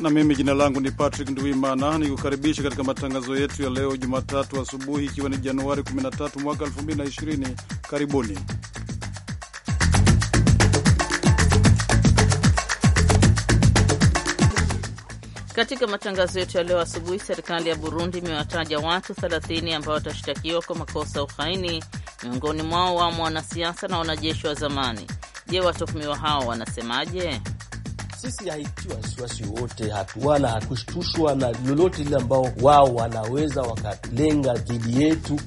na mimi jina langu ni Patrick Nduimana, nikukaribisha katika matangazo yetu ya leo Jumatatu asubuhi, ikiwa ni Januari 13 mwaka 2020. Karibuni. Katika matangazo yetu ya leo asubuhi, serikali ya Burundi imewataja watu 30 ambao watashtakiwa kwa makosa ya uhaini, miongoni mwao wamo wanasiasa na wanajeshi wa zamani. Je, watuhumiwa hao wanasemaje? sisi haitii wasiwasi wote, hatuwala hatushtushwa na lolote lile ambao wao wanaweza wakalenga dhidi yetu.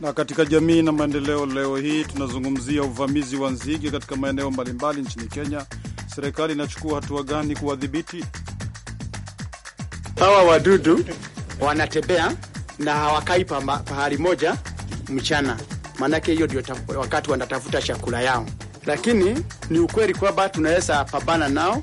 Na katika jamii na maendeleo, leo hii tunazungumzia uvamizi wa nzige katika maeneo mbalimbali nchini Kenya. Serikali inachukua hatua gani kuwadhibiti hawa wadudu? Wanatembea na hawakai pahali moja mchana, maanake hiyo ndio wakati wanatafuta chakula yao, lakini ni ukweli kwamba tunaweza pambana nao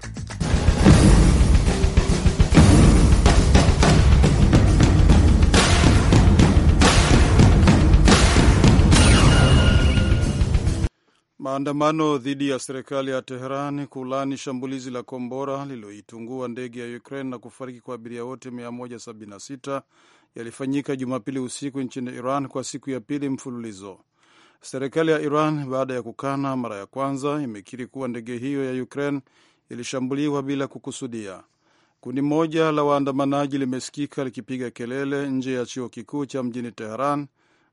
Maandamano dhidi ya serikali ya Teheran kulani shambulizi la kombora lililoitungua ndege ya Ukraine na kufariki kwa abiria wote 176 yalifanyika Jumapili usiku nchini Iran kwa siku ya pili mfululizo. Serikali ya Iran, baada ya kukana mara ya kwanza, imekiri kuwa ndege hiyo ya Ukraine ilishambuliwa bila kukusudia. Kundi moja la waandamanaji limesikika likipiga kelele nje ya chuo kikuu cha mjini Teheran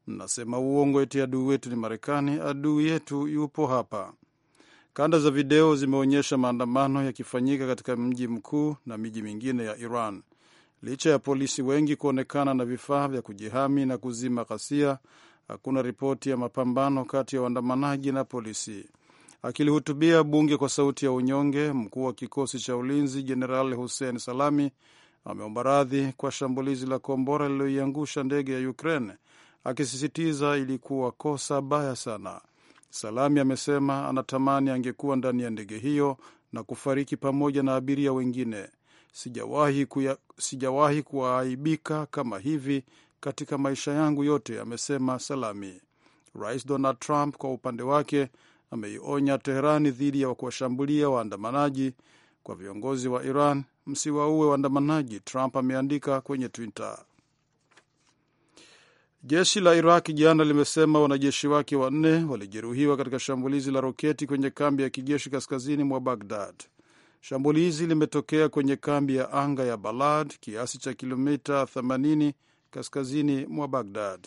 Mnasema uongo eti adui wetu ni Marekani. Adui yetu yupo hapa. Kanda za video zimeonyesha maandamano yakifanyika katika mji mkuu na miji mingine ya Iran. Licha ya polisi wengi kuonekana na vifaa vya kujihami na kuzima ghasia, hakuna ripoti ya mapambano kati ya waandamanaji na polisi. Akilihutubia bunge kwa sauti ya unyonge, mkuu wa kikosi cha ulinzi Jeneral Hussein Salami ameomba radhi kwa shambulizi la kombora lililoiangusha ndege ya Ukraine akisisitiza ilikuwa kosa baya sana. Salami amesema anatamani angekuwa ndani ya ndege hiyo na kufariki pamoja na abiria wengine. Sijawahi kuya, sijawahi kuwaaibika kama hivi katika maisha yangu yote, amesema Salami. Rais Donald Trump kwa upande wake ameionya Teherani dhidi ya kuwashambulia waandamanaji. Kwa viongozi wa Iran, msiwaue waandamanaji, Trump ameandika kwenye Twitter. Jeshi la Iraq jana limesema wanajeshi wake wanne walijeruhiwa katika shambulizi la roketi kwenye kambi ya kijeshi kaskazini mwa Bagdad. Shambulizi limetokea kwenye kambi ya anga ya Balad, kiasi cha kilomita 80 kaskazini mwa Bagdad.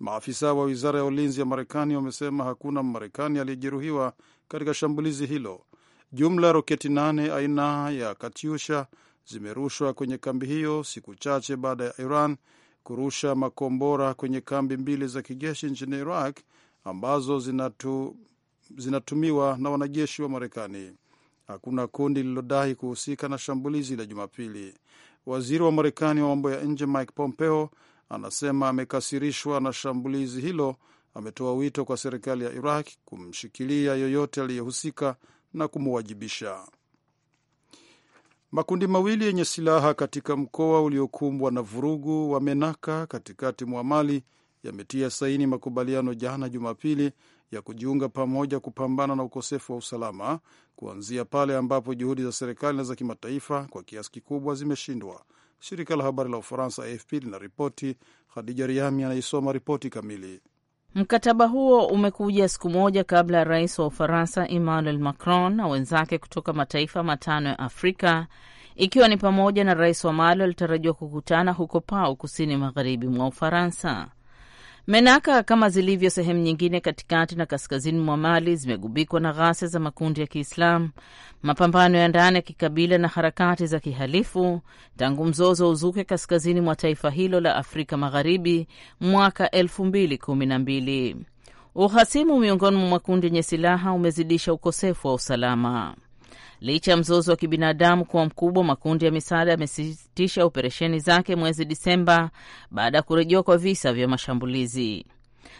Maafisa wa wizara ya ulinzi ya Marekani wamesema hakuna Mmarekani aliyejeruhiwa katika shambulizi hilo. Jumla ya roketi nane aina ya Katyusha zimerushwa kwenye kambi hiyo siku chache baada ya Iran kurusha makombora kwenye kambi mbili za kijeshi nchini Iraq ambazo zinatu, zinatumiwa na wanajeshi wa Marekani. Hakuna kundi lililodai kuhusika na shambulizi la Jumapili. Waziri wa Marekani wa mambo ya nje Mike Pompeo anasema amekasirishwa na shambulizi hilo. Ametoa wito kwa serikali ya Iraq kumshikilia yoyote aliyehusika na kumwajibisha. Makundi mawili yenye silaha katika mkoa uliokumbwa na vurugu wa Menaka katikati mwa Mali yametia saini makubaliano jana Jumapili ya kujiunga pamoja kupambana na ukosefu wa usalama, kuanzia pale ambapo juhudi za serikali na za kimataifa kwa kiasi kikubwa zimeshindwa. Shirika la habari la Ufaransa AFP linaripoti. Khadija Riami anaisoma ripoti kamili. Mkataba huo umekuja siku moja kabla ya rais wa Ufaransa Emmanuel Macron na wenzake kutoka mataifa matano ya Afrika, ikiwa ni pamoja na rais wa Mali alitarajiwa kukutana huko Pau, kusini magharibi mwa Ufaransa. Menaka kama zilivyo sehemu nyingine katikati na kaskazini mwa Mali zimegubikwa na ghasia za makundi ya Kiislamu, mapambano ya ndani ya kikabila na harakati za kihalifu tangu mzozo uzuke kaskazini mwa taifa hilo la Afrika Magharibi mwaka mbili. Uhasimu miongoni mwa makundi yenye silaha umezidisha ukosefu wa usalama. Licha ya mzozo wa kibinadamu kuwa mkubwa, makundi ya misaada yamesitisha operesheni zake mwezi Disemba baada ya kurejewa kwa visa vya mashambulizi.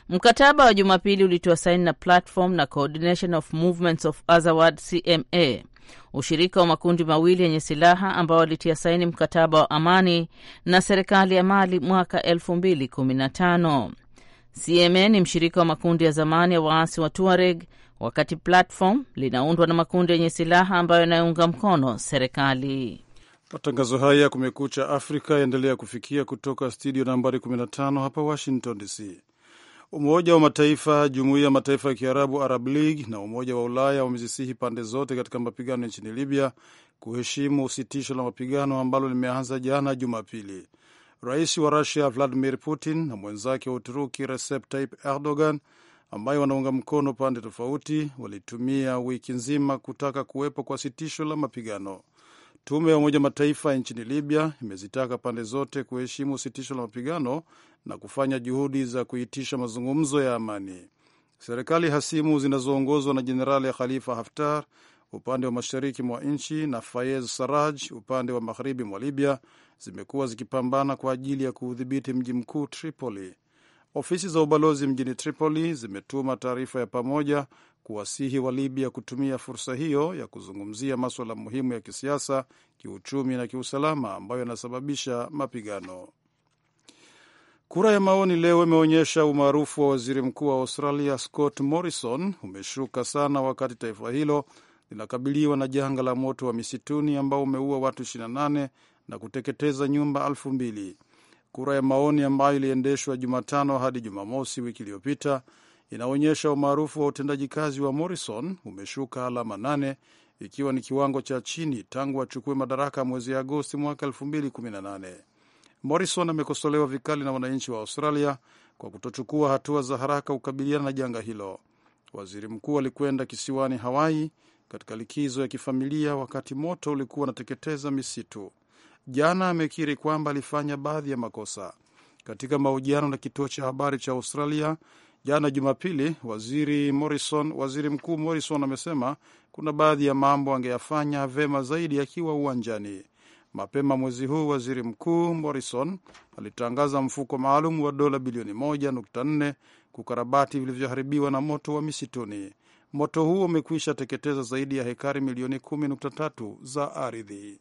Mkataba wa Jumapili ulitoa saini na Platform na Coordination of Movements of Azawad CMA, ushirika wa makundi mawili yenye silaha ambao walitia saini mkataba wa amani na serikali ya Mali mwaka 2015. CMA ni mshirika wa makundi ya zamani ya waasi wa Tuareg wakati Platform linaundwa na makundi yenye silaha ambayo yanayounga mkono serikali. Matangazo haya ya Kumekucha Afrika yaendelea kufikia kutoka studio nambari 15 hapa Washington DC. Umoja wa Mataifa, Jumuiya ya Mataifa ya Kiarabu, Arab League na Umoja wa Ulaya wamezisihi pande zote katika mapigano nchini Libya kuheshimu sitisho la mapigano ambalo limeanza jana Jumapili. Rais wa Rusia Vladimir Putin na mwenzake wa Uturuki Recep Tayyip Erdogan ambayo wanaunga mkono pande tofauti walitumia wiki nzima kutaka kuwepo kwa sitisho la mapigano. Tume ya Umoja Mataifa nchini Libya imezitaka pande zote kuheshimu sitisho la mapigano na kufanya juhudi za kuitisha mazungumzo ya amani. Serikali hasimu zinazoongozwa na Jenerali Khalifa Haftar upande wa mashariki mwa nchi na Fayez Saraj upande wa magharibi mwa Libya zimekuwa zikipambana kwa ajili ya kuudhibiti mji mkuu Tripoli. Ofisi za ubalozi mjini Tripoli zimetuma taarifa ya pamoja kuwasihi wa Libya kutumia fursa hiyo ya kuzungumzia maswala muhimu ya kisiasa, kiuchumi na kiusalama ambayo yanasababisha mapigano. Kura ya maoni leo imeonyesha umaarufu wa waziri mkuu wa Australia Scott Morrison umeshuka sana, wakati taifa hilo linakabiliwa na janga la moto wa misituni ambao umeua watu 28 na kuteketeza nyumba elfu mbili. Kura ya maoni ambayo iliendeshwa Jumatano hadi Jumamosi wiki iliyopita inaonyesha umaarufu wa utendaji kazi wa Morrison umeshuka alama nane ikiwa ni kiwango cha chini tangu achukue madaraka mwezi Agosti mwaka 2018. Morrison amekosolewa vikali na wananchi wa Australia kwa kutochukua hatua za haraka kukabiliana na janga hilo. Waziri mkuu alikwenda kisiwani Hawaii katika likizo ya kifamilia wakati moto ulikuwa unateketeza misitu jana amekiri kwamba alifanya baadhi ya makosa. Katika mahojiano na kituo cha habari cha Australia jana Jumapili, waziri Morrison, waziri mkuu Morrison amesema kuna baadhi ya mambo angeyafanya vema zaidi akiwa uwanjani. Mapema mwezi huu waziri mkuu Morrison alitangaza mfuko maalum wa dola bilioni 1.4 kukarabati vilivyoharibiwa na moto wa misituni. Moto huo umekwisha teketeza zaidi ya hekari milioni 10.3 za ardhi.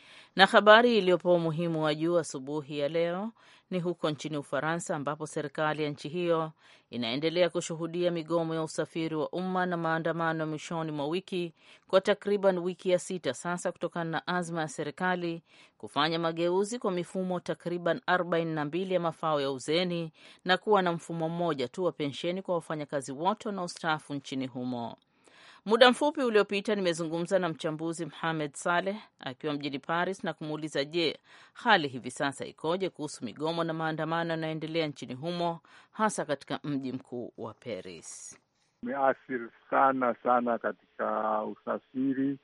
Na habari iliyopewa umuhimu wa juu asubuhi ya leo ni huko nchini Ufaransa, ambapo serikali ya nchi hiyo inaendelea kushuhudia migomo ya usafiri wa umma na maandamano ya mwishoni mwa wiki kwa takriban wiki ya sita sasa, kutokana na azma ya serikali kufanya mageuzi kwa mifumo takriban 42 ya mafao ya uzeni na kuwa na mfumo mmoja tu wa pensheni kwa wafanyakazi wote wanaostaafu nchini humo. Muda mfupi uliopita nimezungumza na mchambuzi Mohamed Saleh akiwa mjini Paris na kumuuliza, je, hali hivi sasa ikoje kuhusu migomo na maandamano yanayoendelea nchini humo hasa katika mji mkuu wa Paris? Imeathiri sana sana katika usafiri,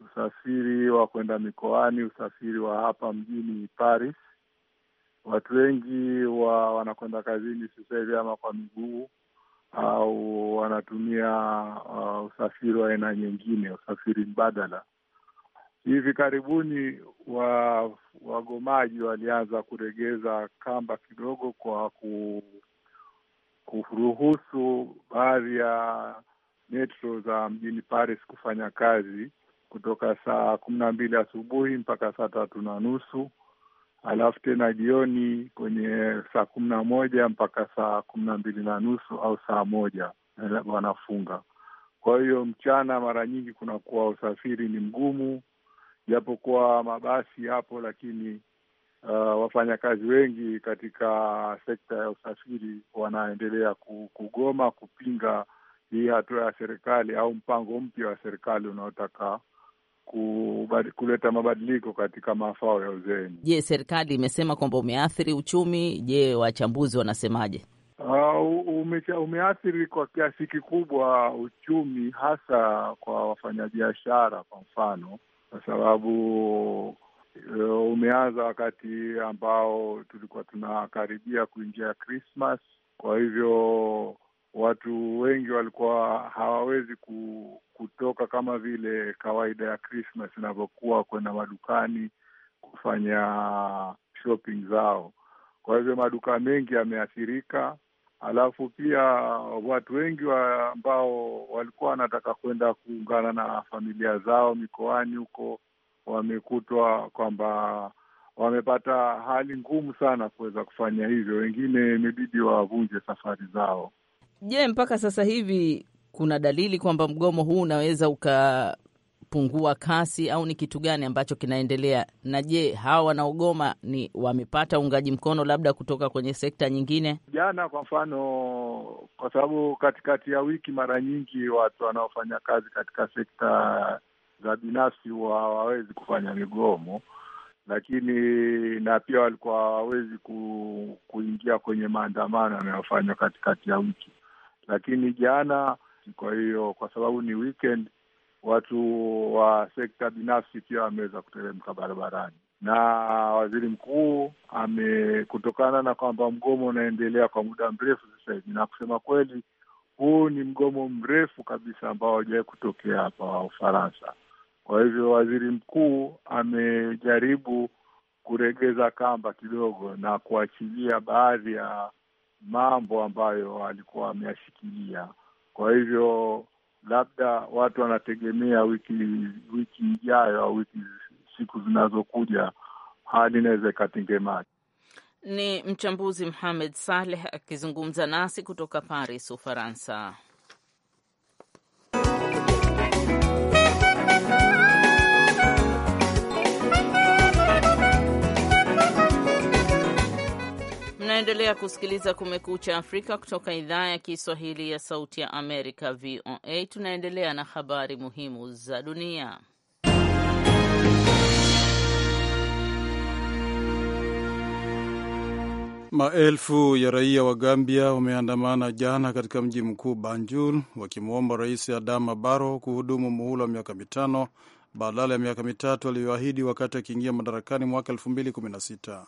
usafiri wa kwenda mikoani, usafiri wa hapa mjini Paris. Watu wengi wa wanakwenda kazini sasa hivi ama kwa miguu au wanatumia uh, usafiri wa aina nyingine, usafiri mbadala. Hivi karibuni wagomaji wa walianza kuregeza kamba kidogo kwa ku, kuruhusu baadhi ya metro za mjini Paris kufanya kazi kutoka saa kumi na mbili asubuhi mpaka saa tatu na nusu alafu tena jioni kwenye saa kumi na moja mpaka saa kumi na mbili na nusu au saa moja eh, wanafunga. Kwa hiyo mchana mara nyingi kunakuwa usafiri ni mgumu, japokuwa mabasi yapo, lakini uh, wafanyakazi wengi katika sekta ya usafiri wanaendelea kugoma kupinga hii hatua ya serikali au mpango mpya wa serikali unaotaka kuleta mabadiliko katika mafao ya uzeeni. Je, serikali imesema kwamba umeathiri uchumi? Je, wachambuzi wanasemaje? Uh, umeathiri kwa kiasi kikubwa uchumi, hasa kwa wafanyabiashara, kwa mfano, kwa sababu uh, umeanza wakati ambao tulikuwa tunakaribia kuingia Krismas, kwa hivyo watu wengi walikuwa hawawezi ku, kutoka kama vile kawaida ya Krismas inavyokuwa kwenda madukani kufanya shopping zao. Kwa hivyo maduka mengi yameathirika, alafu pia watu wengi wa ambao walikuwa wanataka kwenda kuungana na familia zao mikoani huko wamekutwa kwamba wamepata hali ngumu sana kuweza kufanya hivyo. Wengine imebidi wavunje safari zao. Je, mpaka sasa hivi kuna dalili kwamba mgomo huu unaweza ukapungua kasi au ni kitu gani ambacho kinaendelea? Na je, hawa wanaogoma ni wamepata uungaji mkono labda kutoka kwenye sekta nyingine? Jana kwa mfano, kwa sababu katikati ya wiki mara nyingi watu wanaofanya kazi katika sekta za binafsi huwa hawawezi kufanya migomo lakini na pia walikuwa hawawezi ku, kuingia kwenye maandamano yanayofanywa katikati ya wiki lakini jana, kwa hiyo kwa sababu ni weekend, watu wa sekta binafsi pia wameweza kuteremka barabarani na waziri mkuu ame, kutokana na kwamba mgomo unaendelea kwa muda mrefu sasa hivi, na kusema kweli, huu ni mgomo mrefu kabisa ambao hawajawahi kutokea hapa wa Ufaransa. Kwa hivyo waziri mkuu amejaribu kuregeza kamba kidogo na kuachilia baadhi ya mambo ambayo alikuwa ameyashikilia. Kwa hivyo labda watu wanategemea wiki wiki ijayo au wiki siku zinazokuja hali inaweza ikatengemana. Ni mchambuzi Mohamed Saleh akizungumza nasi kutoka Paris, Ufaransa. Mnaendelea kusikiliza Kumekucha Afrika kutoka idhaa ya Kiswahili ya Sauti ya Amerika, VOA. Tunaendelea na habari muhimu za dunia. Maelfu ya raia wa Gambia wameandamana jana katika mji mkuu Banjul wakimwomba Rais Adama Barrow kuhudumu muhula wa miaka mitano badala ya miaka mitatu aliyoahidi wakati akiingia madarakani mwaka 2016.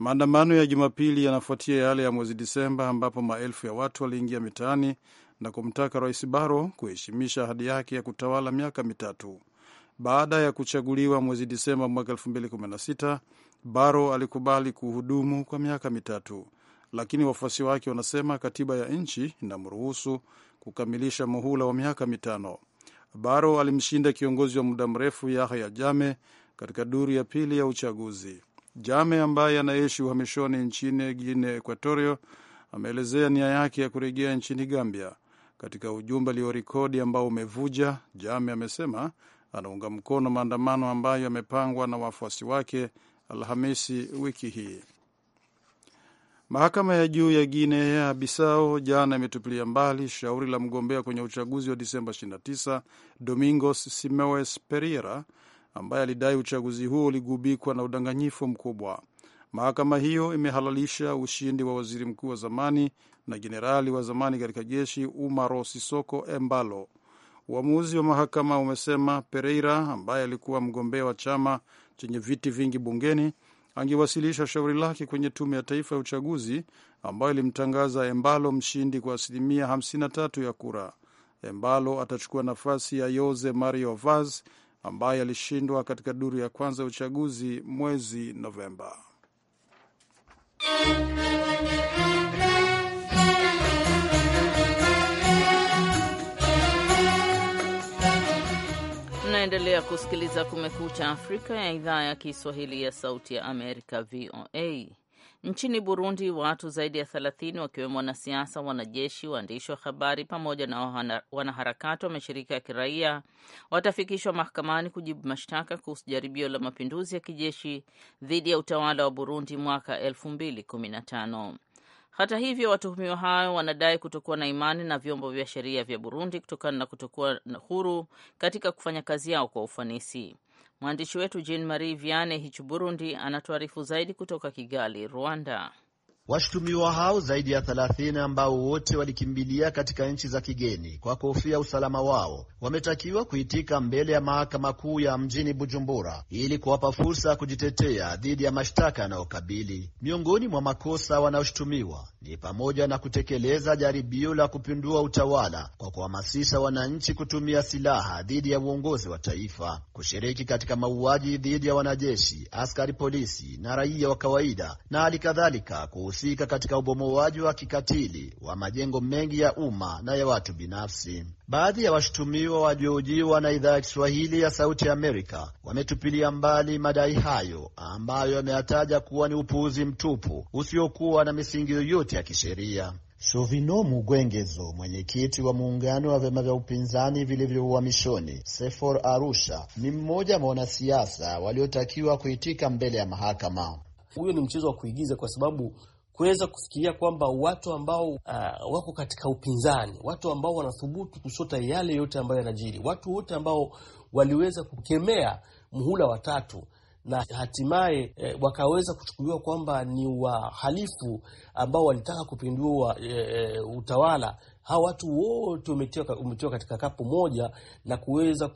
Maandamano ya Jumapili yanafuatia yale ya mwezi Disemba ambapo maelfu ya watu waliingia mitaani na kumtaka Rais Baro kuheshimisha ahadi yake ya kutawala miaka mitatu. Baada ya kuchaguliwa mwezi Disemba mwaka 2016, Baro alikubali kuhudumu kwa miaka mitatu, lakini wafuasi wake wanasema katiba ya nchi inamruhusu kukamilisha muhula wa miaka mitano. Baro alimshinda kiongozi wa muda mrefu Yahya Jame katika duru ya pili ya uchaguzi. Jame ambaye anaishi uhamishoni nchini Guinea Equatorio ameelezea nia yake ya kurejea nchini Gambia. Katika ujumbe aliorekodi ambao umevuja, Jame amesema anaunga mkono maandamano ambayo yamepangwa na wafuasi wake Alhamisi wiki hii. Mahakama ya juu ya Guinea Bissau jana imetupilia mbali shauri la mgombea kwenye uchaguzi wa Disemba 29 Domingos Simoes Pereira ambaye alidai uchaguzi huo uligubikwa na udanganyifu mkubwa. Mahakama hiyo imehalalisha ushindi wa waziri mkuu wa zamani na jenerali wa zamani katika jeshi Umaro Sisoko Embalo. Uamuzi wa mahakama umesema Pereira, ambaye alikuwa mgombea wa chama chenye viti vingi bungeni, angewasilisha shauri lake kwenye tume ya taifa ya uchaguzi ambayo ilimtangaza Embalo mshindi kwa asilimia 53 ya kura. Embalo atachukua nafasi ya Jose Mario Vaz ambaye alishindwa katika duru ya kwanza ya uchaguzi mwezi Novemba. Naendelea kusikiliza Kumekucha Afrika ya idhaa ya Kiswahili ya Sauti ya Amerika, VOA. Nchini Burundi, watu zaidi ya thelathini wakiwemo wanasiasa, wanajeshi, waandishi wa habari pamoja na wanaharakati wa mashirika ya kiraia watafikishwa mahakamani kujibu mashtaka kuhusu jaribio la mapinduzi ya kijeshi dhidi ya utawala wa Burundi mwaka elfu mbili kumi na tano Hata hivyo watuhumiwa hayo wanadai kutokuwa na imani na vyombo vya sheria vya Burundi kutokana na kutokuwa huru katika kufanya kazi yao kwa ufanisi. Mwandishi wetu Jean Marie Viane Hichu Burundi anatuarifu zaidi kutoka Kigali, Rwanda. Washutumiwa hao zaidi ya 30 ambao wote walikimbilia katika nchi za kigeni kwa kuhofia usalama wao wametakiwa kuitika mbele ya mahakama kuu ya mjini Bujumbura ili kuwapa fursa ya kujitetea dhidi ya mashtaka yanayokabili. Miongoni mwa makosa wanaoshutumiwa ni pamoja na kutekeleza jaribio la kupindua utawala kwa kuhamasisha wananchi kutumia silaha dhidi ya uongozi wa taifa, kushiriki katika mauaji dhidi ya wanajeshi, askari polisi na raia wa kawaida na hali kadhalika kuhusika katika ubomoaji wa kikatili wa majengo mengi ya umma na ya watu binafsi. Baadhi ya washutumiwa waliohojiwa na idhaa ya Kiswahili ya Sauti ya Amerika wametupilia mbali madai hayo ambayo yameyataja kuwa ni upuuzi mtupu usiokuwa na misingi yoyote ya kisheria. Shovino Mugwengezo, mwenyekiti wa muungano wa vyama vya upinzani vilivyouhamishoni Sefor Arusha, ni mmoja wa wanasiasa waliotakiwa kuitika mbele ya mahakama. Huyo ni mchezo wa kuigiza, kwa sababu kuweza kufikiria kwamba watu ambao uh, wako katika upinzani, watu ambao wanathubutu kushota yale yote ambayo yanajiri, watu wote ambao waliweza kukemea muhula watatu na hatimaye e, wakaweza kuchukuliwa kwamba ni wahalifu ambao walitaka kupindua e, utawala. Hawa watu wote umetiwa katika kapu moja na kuweza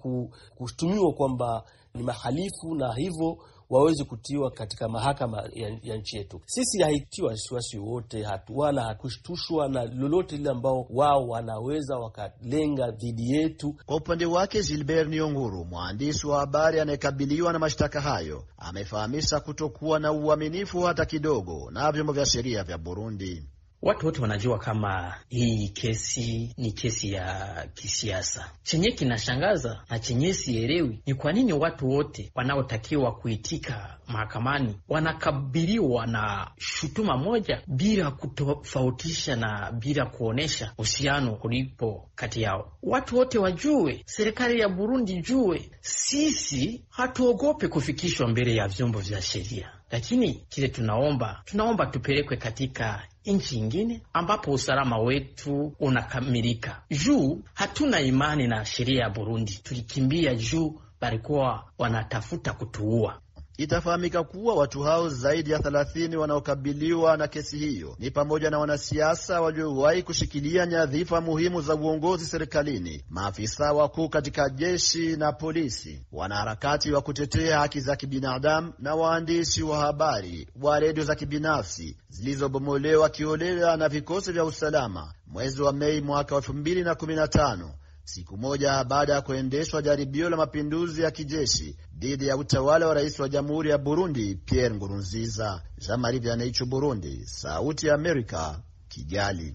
kushutumiwa kwamba ni mahalifu na hivyo waweze kutiwa katika mahakama ya, ya nchi yetu. Sisi haitiwa wasiwasi wote hatu, wala hakushtushwa na lolote lile ambao wao wanaweza wakalenga dhidi yetu. Kwa upande wake, gilbert Nionguru, mwandishi wa habari anayekabiliwa na mashtaka hayo, amefahamisha kutokuwa na uaminifu hata kidogo na vyombo vya sheria vya Burundi. Watu wote wanajua kama hii kesi ni kesi ya kisiasa. Chenye kinashangaza na chenye sielewi ni kwa nini watu wote wanaotakiwa kuitika mahakamani wanakabiliwa na shutuma moja bila kutofautisha na bila kuonyesha uhusiano kulipo kati yao. Watu wote wajue, serikali ya Burundi jue, sisi hatuogope kufikishwa mbele ya vyombo vya sheria, lakini kile tunaomba, tunaomba tupelekwe katika nchi ingine ambapo usalama wetu unakamilika, juu hatuna imani na sheria ya Burundi. Tulikimbia juu walikuwa wanatafuta kutuua. Itafahamika kuwa watu hao zaidi ya 30 wanaokabiliwa na kesi hiyo ni pamoja na wanasiasa waliowahi kushikilia nyadhifa muhimu za uongozi serikalini, maafisa wakuu katika jeshi na polisi, wanaharakati wa kutetea haki za kibinadamu na waandishi wa habari wa redio za kibinafsi zilizobomolewa kiholela na vikosi vya usalama mwezi wa Mei mwaka 2015 siku moja baada ya kuendeshwa jaribio la mapinduzi ya kijeshi dhidi ya utawala wa rais wa jamhuri ya Burundi Pierre ngurunziza Jean Marie Vianney, Burundi, Sauti ya Amerika, Kigali.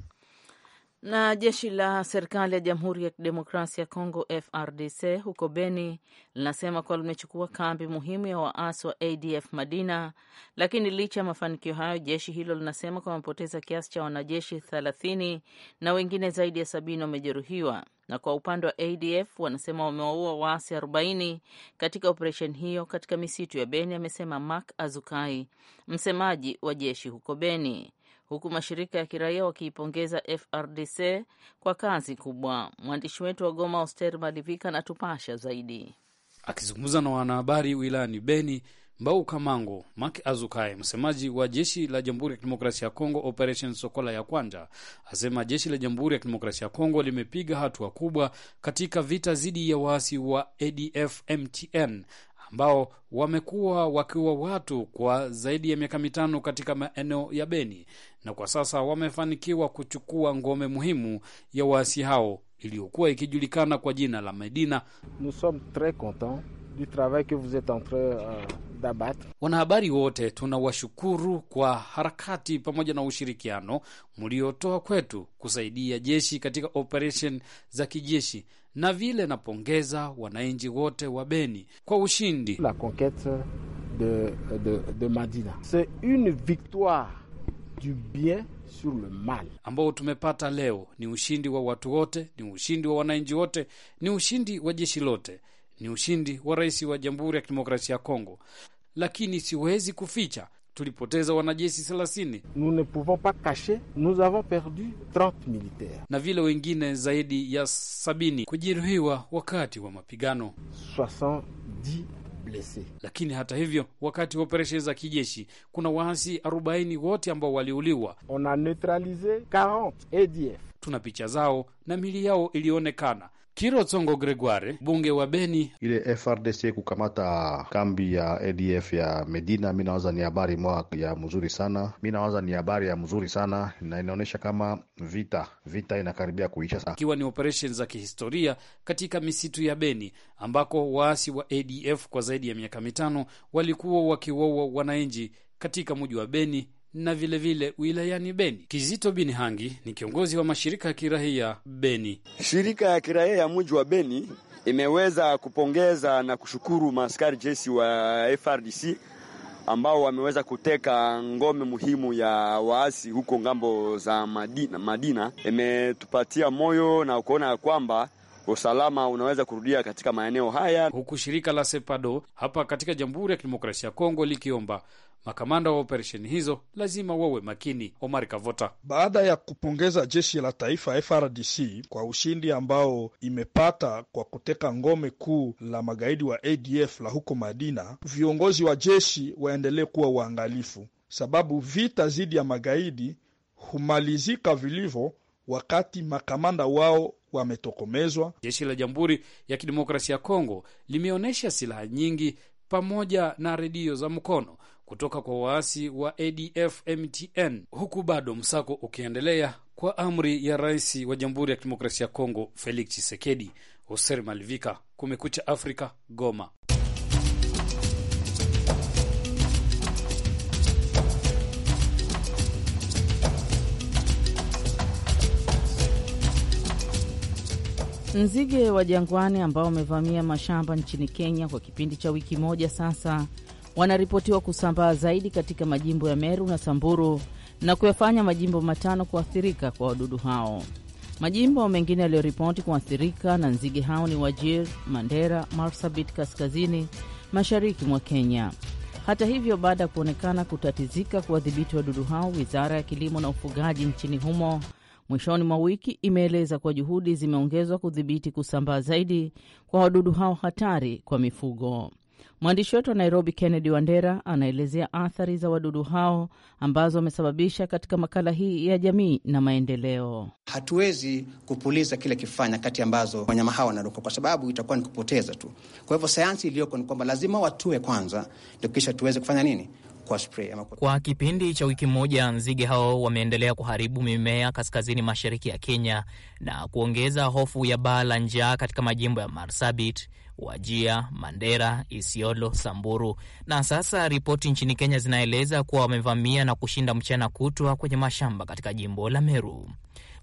Na jeshi la serikali ya Jamhuri ya Kidemokrasia ya Kongo FRDC huko Beni linasema kuwa limechukua kambi muhimu ya waasi wa ADF Madina, lakini licha ya mafanikio hayo, jeshi hilo linasema kuwa wamepoteza kiasi cha wanajeshi thelathini na wengine zaidi ya sabini wamejeruhiwa. Na kwa upande wa ADF wanasema wamewaua waasi arobaini katika operesheni hiyo katika misitu ya Beni, amesema Mark Azukai, msemaji wa jeshi huko Beni huku mashirika ya kiraia wakiipongeza FRDC kwa kazi kubwa. Mwandishi wetu wa Goma, Oster Malivika, anatupasha zaidi. Akizungumza na wanahabari wilayani Beni, Mbau Kamango Mak Azukae, msemaji wa jeshi la Jamhuri ya Kidemokrasia ya Kongo, Operation Sokola ya kwanza, asema jeshi la Jamhuri ya Kidemokrasia ya Kongo limepiga hatua kubwa katika vita dhidi ya waasi wa ADF MTN ambao wamekuwa wakiua watu kwa zaidi ya miaka mitano katika maeneo ya Beni na kwa sasa wamefanikiwa kuchukua ngome muhimu ya waasi hao iliyokuwa ikijulikana kwa jina la Medina. Nous sommes tres contents du travail que vous etes en train euh, d'abattre. Wanahabari wote tunawashukuru kwa harakati pamoja na ushirikiano mliotoa kwetu kusaidia jeshi katika operesheni za kijeshi, na vile napongeza wananchi wote wa Beni kwa ushindi la de, de, de C'est une victoire du bien sur le mal ambao tumepata leo ni ushindi wa watu wote, ni ushindi wa wananchi wote, ni ushindi wa jeshi lote, ni ushindi wa rais wa Jamhuri ya Kidemokrasia ya Kongo. Lakini siwezi kuficha tulipoteza wanajeshi thelathini. Nous ne pouvons pas cacher, nous avons perdu 30 militaires. Na vile wengine zaidi ya sabini kujeruhiwa wakati wa mapigano 70 blesi. Lakini hata hivyo, wakati wa operesheni za kijeshi kuna waasi 40 wote ambao waliuliwa. On a neutralise 40 ADF. Tuna picha zao na mili yao ilionekana Kiro Tsongo Gregoire, bunge wa Beni. Ile FRDC kukamata kambi ya ADF ya Medina, mi nawaza ni habari mwa ya mzuri sana, mi nawaza ni habari ya mzuri sana na inaonyesha kama vita vita inakaribia kuisha sana, ikiwa ni operesheni za kihistoria katika misitu ya Beni ambako waasi wa ADF kwa zaidi ya miaka mitano walikuwa wakiwaua wananchi katika mji wa Beni na vilevile wilayani Beni. Kizito Bini Hangi ni kiongozi wa mashirika ya kirahia Beni. Shirika ya kirahia ya mji wa Beni imeweza kupongeza na kushukuru maaskari jeshi wa FRDC ambao wameweza kuteka ngome muhimu ya waasi huko ngambo za Madina. Madina imetupatia moyo na kuona ya kwamba usalama unaweza kurudia katika maeneo haya, huku shirika la Sepado hapa katika Jamhuri ya Kidemokrasia ya Kongo likiomba makamanda wa operesheni hizo lazima wawe makini. Omar Kavota, baada ya kupongeza jeshi la taifa FRDC kwa ushindi ambao imepata kwa kuteka ngome kuu la magaidi wa ADF la huko Madina, viongozi wa jeshi waendelee kuwa waangalifu, sababu vita dhidi ya magaidi humalizika vilivyo wakati makamanda wao wametokomezwa. Jeshi la Jamhuri ya Kidemokrasia ya Kongo limeonyesha silaha nyingi pamoja na redio za mkono kutoka kwa waasi wa ADF MTN, huku bado msako ukiendelea kwa amri ya rais wa Jamhuri ya Kidemokrasia ya Kongo Felix Tshisekedi. Hoser Malivika, Kumekucha Afrika, Goma. Nzige wa jangwani ambao wamevamia mashamba nchini Kenya kwa kipindi cha wiki moja sasa wanaripotiwa kusambaa zaidi katika majimbo ya Meru na Samburu na kuyafanya majimbo matano kuathirika kwa wadudu hao. Majimbo mengine yaliyoripoti kuathirika na nzige hao ni Wajir, Mandera, Marsabit kaskazini mashariki mwa Kenya. Hata hivyo, baada ya kuonekana kutatizika kuwadhibiti wadudu hao, wizara ya kilimo na ufugaji nchini humo mwishoni mwa wiki imeeleza kuwa juhudi zimeongezwa kudhibiti kusambaa zaidi kwa wadudu hao hatari kwa mifugo. Mwandishi wetu wa Nairobi, Kennedy Wandera, anaelezea athari za wadudu hao ambazo wamesababisha katika makala hii ya jamii na maendeleo. Hatuwezi kupuliza kile kifanya kati ambazo wanyama hawa wanaruka, kwa sababu itakuwa ni kupoteza tu. Kwa hivyo sayansi iliyoko ni kwamba lazima watue kwanza, ndio kisha tuweze kufanya nini? Kwa, spray, ama kwa... kwa kipindi cha wiki moja nzige hao wameendelea kuharibu mimea kaskazini mashariki ya Kenya na kuongeza hofu ya baa la njaa katika majimbo ya Marsabit, Wajia, Mandera, Isiolo, Samburu. Na sasa ripoti nchini Kenya zinaeleza kuwa wamevamia na kushinda mchana kutwa kwenye mashamba katika jimbo la Meru.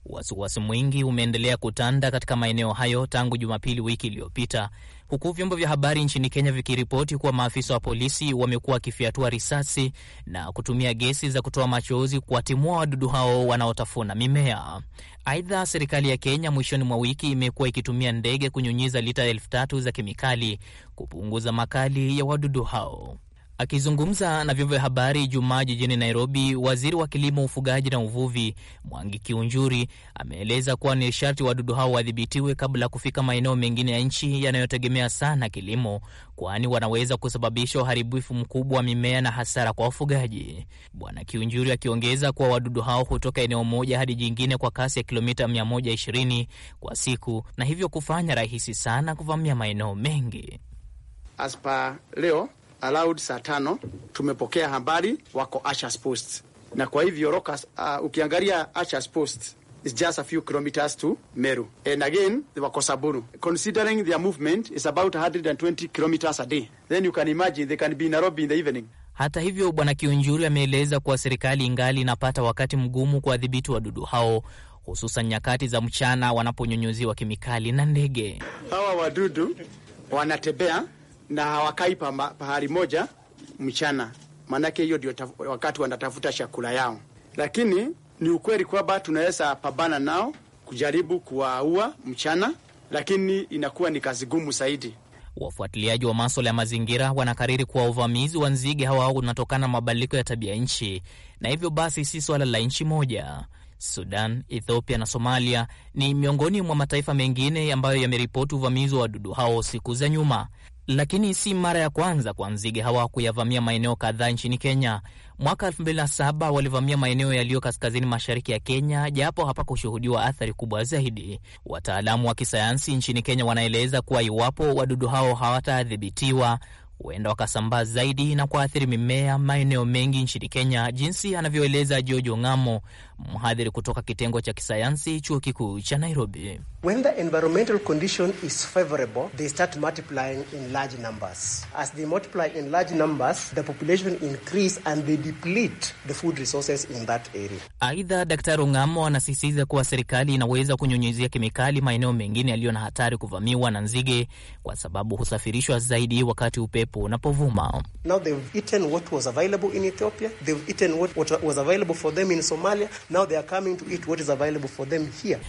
Wasiwasi mwingi umeendelea kutanda katika maeneo hayo tangu Jumapili wiki iliyopita huku vyombo vya habari nchini Kenya vikiripoti kuwa maafisa wa polisi wamekuwa wakifyatua risasi na kutumia gesi za kutoa machozi kuwatimua wadudu hao wanaotafuna mimea. Aidha, serikali ya Kenya mwishoni mwa wiki imekuwa ikitumia ndege kunyunyiza lita elfu tatu za kemikali kupunguza makali ya wadudu hao. Akizungumza na vyombo vya habari jumaa jijini Nairobi, waziri wa kilimo, ufugaji na uvuvi Mwangi Kiunjuri ameeleza kuwa ni sharti wadudu hao wadhibitiwe kabla ya kufika maeneo mengine ya nchi yanayotegemea sana kilimo, kwani wanaweza kusababisha uharibifu mkubwa wa mimea na hasara kwa wafugaji. Bwana Kiunjuri akiongeza kuwa wadudu hao hutoka eneo moja hadi jingine kwa kasi ya kilomita 120 kwa siku, na hivyo kufanya rahisi sana kuvamia maeneo mengi. Aspa leo allowed saa tano. Tumepokea habari wako Ashers Post, na kwa hivyo Rockers, uh, ukiangalia Ashers Post is just a few kilometers to Meru and again they wako Saburu. Considering their movement is about 120 kilometers a day, then you can imagine they can be in Nairobi in the evening. Hata hivyo Bwana Kiunjuri ameeleza kuwa serikali ingali inapata wakati mgumu kuwadhibiti wadudu hao hususan nyakati za mchana wanaponyunyuziwa kemikali na ndege. Hawa wadudu wanatembea na hawakai pahali moja mchana, maanake hiyo ndio wakati wanatafuta chakula yao. Lakini ni ukweli kwamba tunaweza pambana nao kujaribu kuwaua mchana, lakini inakuwa ni kazi gumu zaidi. Wafuatiliaji wa maswala ya mazingira wanakariri kuwa uvamizi wa nzige hawa unatokana na mabadiliko ya tabia nchi, na hivyo basi si swala la nchi moja. Sudan, Ethiopia na Somalia ni miongoni mwa mataifa mengine ambayo yameripoti uvamizi wa wadudu hao siku za nyuma. Lakini si mara ya kwanza kwa nzige hawa kuyavamia maeneo kadhaa nchini Kenya. Mwaka 2007 walivamia maeneo yaliyo kaskazini mashariki ya Kenya, japo hapakushuhudiwa athari kubwa zaidi. Wataalamu wa kisayansi nchini Kenya wanaeleza kuwa iwapo wadudu hao hawatadhibitiwa huenda wakasambaa zaidi na kuathiri mimea maeneo mengi nchini Kenya, jinsi anavyoeleza Jojo Ng'amo, mhadhiri kutoka kitengo cha kisayansi chuo kikuu cha Nairobi. When the environmental condition is favorable, they start multiplying in large numbers. As they multiply in large numbers, the population increase and they deplete the food resources in that area. Aidha, Daktari ungamo anasisitiza kuwa serikali inaweza kunyunyizia kemikali maeneo mengine yaliyo na hatari kuvamiwa na nzige kwa sababu husafirishwa zaidi wakati upepo upepo unapovuma.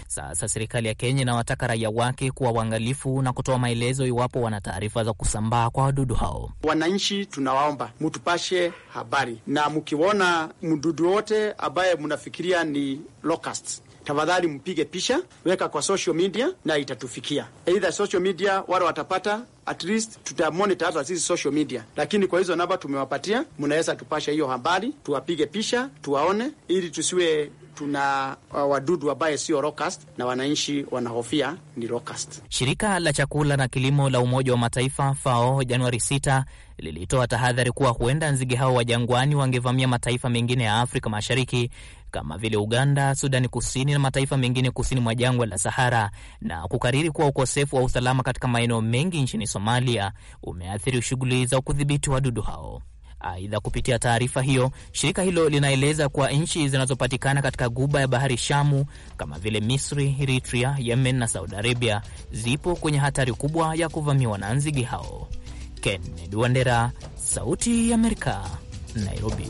Sasa serikali ya Kenya inawataka raia wake kuwa uangalifu na kutoa maelezo iwapo wana taarifa za kusambaa kwa wadudu hao. Wananchi tunawaomba mutupashe habari, na mkiona mdudu wote ambaye mnafikiria ni locusts tafadhali mpige picha, weka kwa social media na itatufikia. Either social media wale watapata at least tutamonitor hata sisi social media, lakini kwa hizo namba tumewapatia, mnaweza tupasha hiyo habari, tuwapige picha, tuwaone, ili tusiwe tuna uh, wadudu ambaye sio locust na wananchi wanahofia ni locust. Shirika la chakula na kilimo la Umoja wa Mataifa FAO Januari 6 lilitoa tahadhari kuwa huenda nzige hao wa jangwani wangevamia mataifa mengine ya Afrika Mashariki kama vile Uganda, Sudani Kusini na mataifa mengine kusini mwa jangwa la Sahara, na kukariri kuwa ukosefu wa usalama katika maeneo mengi nchini Somalia umeathiri shughuli za kudhibiti wadudu hao. Aidha, kupitia taarifa hiyo, shirika hilo linaeleza kuwa nchi zinazopatikana katika guba ya bahari Shamu kama vile Misri, Eritrea, Yemen na Saudi Arabia zipo kwenye hatari kubwa ya kuvamiwa na nzige hao. Kennedy Wandera, Sauti ya Amerika, Nairobi.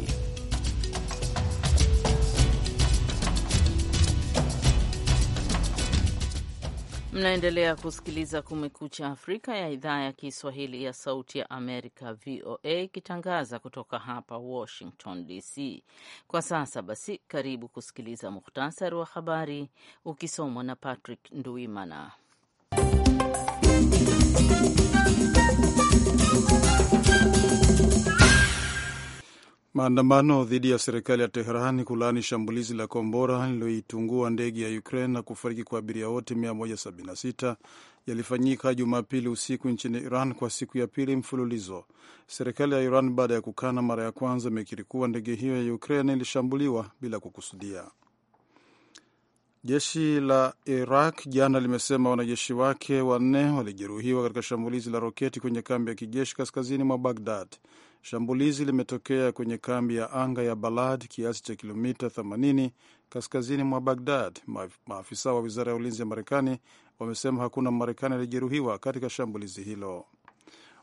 Mnaendelea kusikiliza Kumekucha Afrika ya idhaa ya Kiswahili ya Sauti ya Amerika, VOA, ikitangaza kutoka hapa Washington DC. Kwa sasa basi, karibu kusikiliza muhtasari wa habari ukisomwa na Patrick Nduimana. Maandamano dhidi ya serikali ya Teherani kulaani shambulizi la kombora lililoitungua ndege ya Ukraine na kufariki kwa abiria wote 176 yalifanyika Jumapili usiku nchini Iran kwa siku ya pili mfululizo. Serikali ya Iran baada ya kukana mara ya kwanza imekiri kuwa ndege hiyo ya Ukraine ilishambuliwa bila kukusudia. Jeshi la Iraq jana limesema wanajeshi wake wanne walijeruhiwa katika shambulizi la roketi kwenye kambi ya kijeshi kaskazini mwa Bagdad. Shambulizi limetokea kwenye kambi ya anga ya Balad, kiasi cha kilomita 80 kaskazini mwa Bagdad. Maafisa wa wizara ya ulinzi ya Marekani wamesema hakuna marekani aliyejeruhiwa katika shambulizi hilo.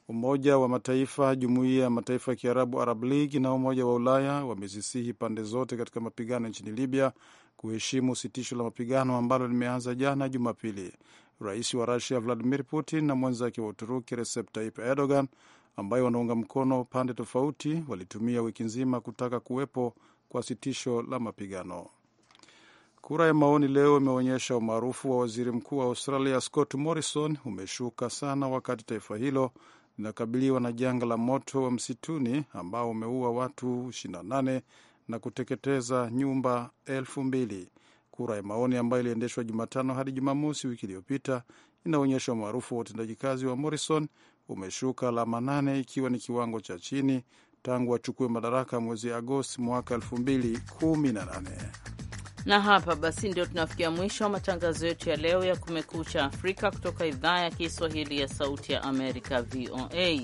Umoja wa Mataifa, Jumuiya ya Mataifa ya Kiarabu, Arab League na Umoja wa Ulaya wamezisihi pande zote katika mapigano nchini Libya kuheshimu sitisho la mapigano ambalo limeanza jana Jumapili. Rais wa Rusia Vladimir Putin na mwenzake wa Uturuki Recep Tayyip Erdogan ambayo wanaunga mkono pande tofauti walitumia wiki nzima kutaka kuwepo kwa sitisho la mapigano. Kura ya maoni leo imeonyesha umaarufu wa waziri mkuu wa Australia Scott Morrison umeshuka sana, wakati taifa hilo linakabiliwa na janga la moto wa msituni ambao umeua watu 28 na kuteketeza nyumba elfu mbili. Kura ya maoni ambayo iliendeshwa Jumatano hadi Jumamosi wiki iliyopita inaonyesha umaarufu wa utendaji kazi wa Morrison umeshuka alama nane ikiwa ni kiwango cha chini tangu achukue madaraka mwezi Agosti mwaka 2018. Na hapa basi ndio tunafikia mwisho wa matangazo yetu ya leo ya Kumekucha Afrika kutoka idhaa ya Kiswahili ya Sauti ya Amerika, VOA.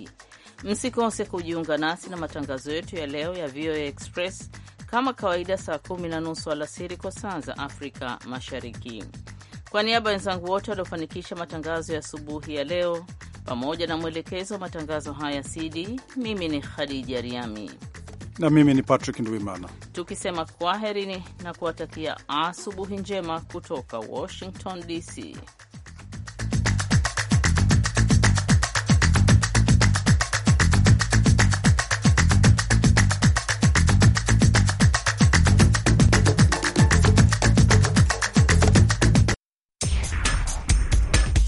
Msikose kujiunga nasi na matangazo yetu ya leo ya VOA Express kama kawaida, saa kumi na nusu alasiri kwa saa za Afrika Mashariki. Kwa niaba ya wenzangu wote waliofanikisha matangazo ya asubuhi ya leo pamoja na mwelekezo wa matangazo haya cd. Mimi ni Khadija Riami na mimi ni Patrick Ndwimana, tukisema kwaherini na kuwatakia asubuhi njema kutoka Washington DC.